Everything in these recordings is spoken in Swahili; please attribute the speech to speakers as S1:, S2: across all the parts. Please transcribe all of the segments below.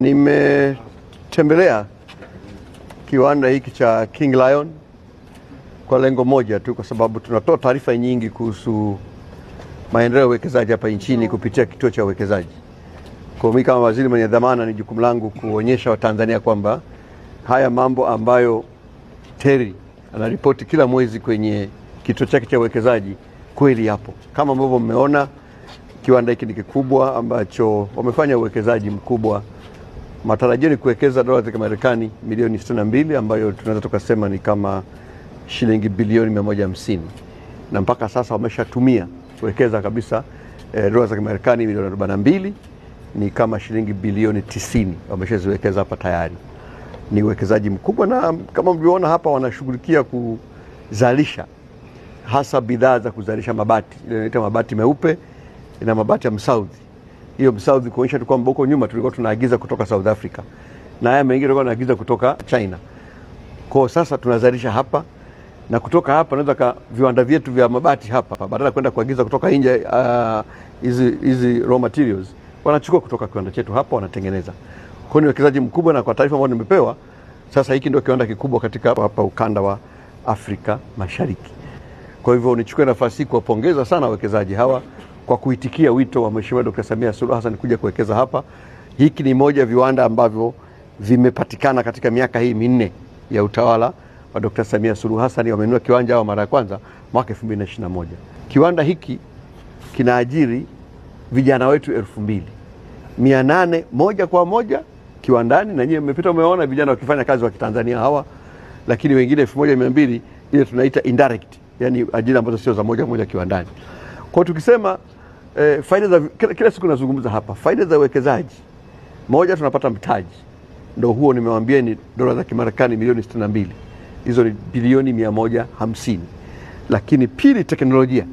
S1: Nimetembelea kiwanda hiki cha King Lion kwa lengo moja tu, kwa sababu tunatoa taarifa nyingi kuhusu maendeleo ya uwekezaji hapa nchini mm. kupitia kituo cha uwekezaji. Kwa mimi kama waziri mwenye dhamana, ni jukumu langu kuonyesha Watanzania kwamba haya mambo ambayo TERI anaripoti kila mwezi kwenye kituo chake cha uwekezaji kweli yapo, kama ambavyo mmeona kiwanda hiki ni kikubwa ambacho wamefanya uwekezaji mkubwa Matarajio ni kuwekeza dola za Kimarekani milioni 62 ambayo tunaweza tukasema ni kama shilingi bilioni 150, na mpaka sasa wameshatumia kuwekeza kabisa e, dola za Kimarekani milioni 42 ni kama shilingi bilioni 90 wameshaziwekeza hapa tayari. Ni uwekezaji mkubwa, na kama mlivyoona hapa wanashughulikia kuzalisha hasa bidhaa za kuzalisha mabati, ile inaitwa mabati meupe na mabati ya msaudhi hiyo South kuonyesha tu kwamba huko nyuma tulikuwa tunaagiza kutoka South Africa na haya mengine tulikuwa tunaagiza kutoka China. Kwa sasa tunazalisha hapa na kutoka hapa naweza ka viwanda vyetu vya mabati hapa badala kwenda kuagiza kutoka nje ah, hizi uh, hizi raw materials wanachukua kutoka kiwanda chetu hapa wanatengeneza. Kwa hiyo ni uwekezaji mkubwa, na kwa taarifa ambayo nimepewa sasa, hiki ndio kiwanda kikubwa katika hapa ukanda wa Afrika Mashariki. Kwa hivyo nichukue nafasi hii kuwapongeza sana wawekezaji hawa kwa kuitikia wito wa Mheshimiwa Dkt. Samia Suluhu Hassan kuja kuwekeza hapa. Hiki ni moja viwanda ambavyo vimepatikana katika miaka hii minne ya utawala wa Dkt. Samia Suluhu Hassan. Wamenunua kiwanja hao mara ya kwanza mwaka 2021. Kiwanda hiki kinaajiri vijana wetu elfu mbili mia nane moja kwa moja kiwandani, na nyie mmepita umeona vijana wakifanya kazi wa Kitanzania hawa, lakini wengine elfu moja mia mbili ile tunaita indirect, yani ajira ambazo sio za moja moja kiwandani. Kwa tukisema eh, faida za kila, kila siku nazungumza hapa faida za uwekezaji. Moja, tunapata mtaji, ndo huo nimewaambia ni dola za Kimarekani milioni 62, hizo ni bilioni hamsini Lakini pili, teknolojia.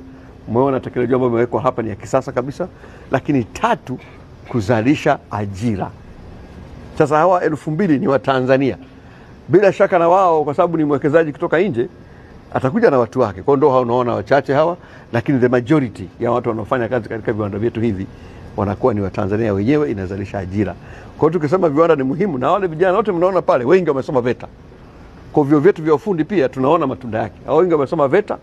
S1: Umeona teknolojia ambayo imewekwa hapa ni ya kisasa kabisa. Lakini tatu, kuzalisha ajira. Sasa hawa elfu mbili ni Watanzania bila shaka na wao, kwa sababu ni mwekezaji kutoka nje atakuja na watu wake. Kwa ndio hao unaona wachache hawa, lakini the majority ya watu wanaofanya kazi katika viwanda vyetu hivi wanakuwa ni Watanzania wenyewe, inazalisha ajira. Kwa hiyo tukisema viwanda ni muhimu, na wale vijana wote mnaona pale, wengi wamesoma VETA. Kwa vyuo vyetu vya ufundi pia tunaona matunda yake, hao wengi wamesoma VETA.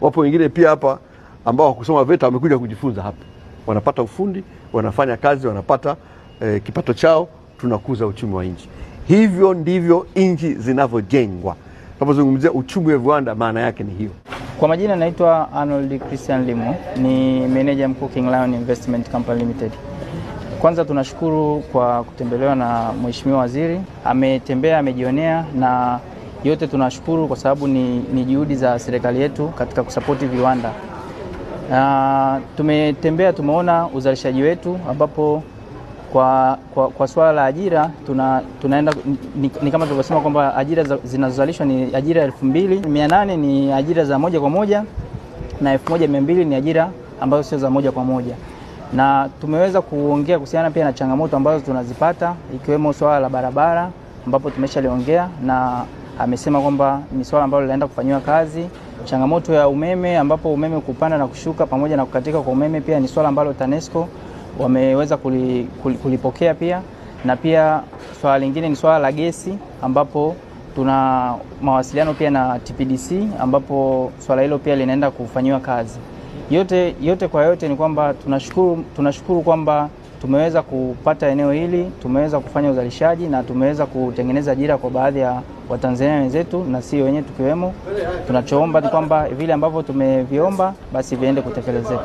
S1: Wapo wengine pia hapa ambao hawakusoma VETA, wamekuja kujifunza hapa, wanapata ufundi, wanafanya kazi, wanapata eh, kipato chao, tunakuza uchumi wa nchi. Hivyo ndivyo nchi zinavyojengwa. Tunapozungumzia uchumi wa viwanda, maana yake ni hiyo.
S2: Kwa majina naitwa Arnold Christian Limo, ni meneja mkuu King Lion Investment Company Limited. Kwanza tunashukuru kwa kutembelewa na mheshimiwa waziri, ametembea amejionea, na yote tunashukuru kwa sababu ni, ni juhudi za serikali yetu katika kusapoti viwanda na tumetembea tumeona uzalishaji wetu ambapo kwa, kwa, kwa swala la ajira tuna, tunaenda ni, ni kama tulivyosema kwamba ajira zinazozalishwa ni ajira 2800 ni ajira za moja kwa moja na 1200 ni ajira ambazo sio za moja kwa moja, na tumeweza kuongea kuhusiana pia na changamoto ambazo tunazipata ikiwemo swala la barabara ambapo tumeshaliongea na amesema kwamba ni swala ambalo linaenda kufanyiwa kazi. Changamoto ya umeme ambapo umeme kupanda na kushuka pamoja na kukatika kwa umeme pia ni swala ambalo TANESCO wameweza kulipokea pia, na pia swala lingine ni swala la gesi, ambapo tuna mawasiliano pia na TPDC, ambapo swala hilo pia linaenda kufanyiwa kazi. Yote, yote kwa yote ni kwamba tunashukuru, tunashukuru kwamba tumeweza kupata eneo hili, tumeweza kufanya uzalishaji na tumeweza kutengeneza ajira kwa baadhi ya Watanzania wenzetu na si wenyewe tukiwemo. Tunachoomba ni kwamba vile ambavyo tumeviomba basi viende kutekelezeka.